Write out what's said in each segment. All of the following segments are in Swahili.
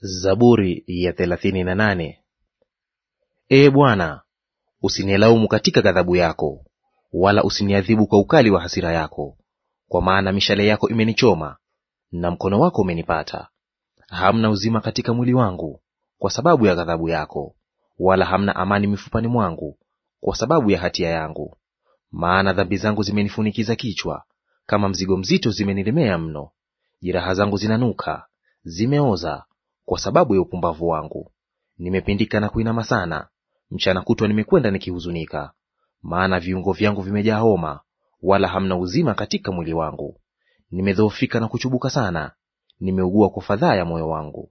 Zaburi ya thelathini na nane. Ee Bwana, usinilaumu katika ghadhabu yako, wala usiniadhibu kwa ukali wa hasira yako, kwa maana mishale yako imenichoma na mkono wako umenipata. Hamna uzima katika mwili wangu kwa sababu ya ghadhabu yako, wala hamna amani mifupani mwangu kwa sababu ya hatia yangu. Maana dhambi zangu zimenifunikiza kichwa, kama mzigo mzito zimenilemea mno. Jeraha zangu zinanuka, zimeoza kwa sababu ya upumbavu wangu. Nimepindika na kuinama sana, mchana kutwa nimekwenda nikihuzunika, maana viungo vyangu vimejaa homa, wala hamna uzima katika mwili wangu. Nimedhoofika na kuchubuka sana, nimeugua kwa fadhaa ya moyo wangu.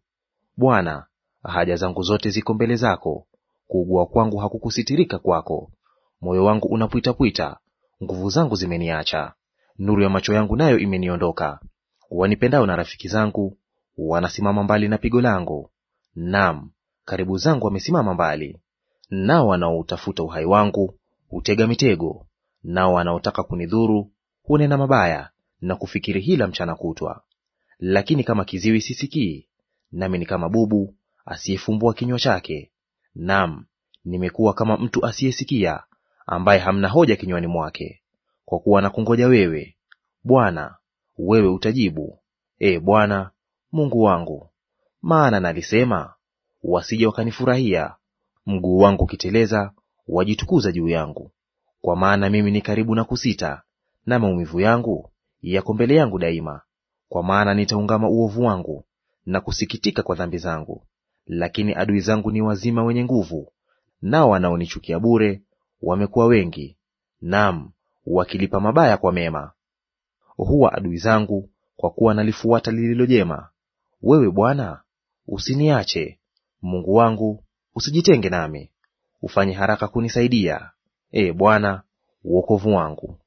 Bwana, haja zangu zote ziko mbele zako, kuugua kwangu hakukusitirika kwako. Moyo wangu unapwitapwita, nguvu zangu zimeniacha, nuru ya macho yangu nayo imeniondoka. Wanipendao na rafiki zangu wanasimama mbali na pigo langu, naam, karibu zangu wamesimama mbali. Nao wanaoutafuta uhai wangu hutega mitego, nao wanaotaka kunidhuru hunena mabaya na kufikiri hila mchana kutwa. Lakini kama kiziwi sisikii, nami ni kama bubu asiyefumbua kinywa chake. Naam, nimekuwa kama mtu asiyesikia ambaye hamna hoja kinywani mwake. Kwa kuwa nakungoja wewe, Bwana, wewe utajibu; e Bwana, Mungu wangu, maana nalisema, wasije wakanifurahia; mguu wangu ukiteleza, wajitukuza juu yangu. Kwa maana mimi ni karibu na kusita, na maumivu yangu yako mbele yangu daima. Kwa maana nitaungama uovu wangu na kusikitika kwa dhambi zangu. Lakini adui zangu ni wazima wenye nguvu, nao wanaonichukia bure wamekuwa wengi; nam wakilipa mabaya kwa mema. Huwa adui zangu kwa kuwa nalifuata lililo jema, wewe Bwana, usiniache; Mungu wangu, usijitenge nami. Ufanye haraka kunisaidia, e Bwana, uokovu wangu.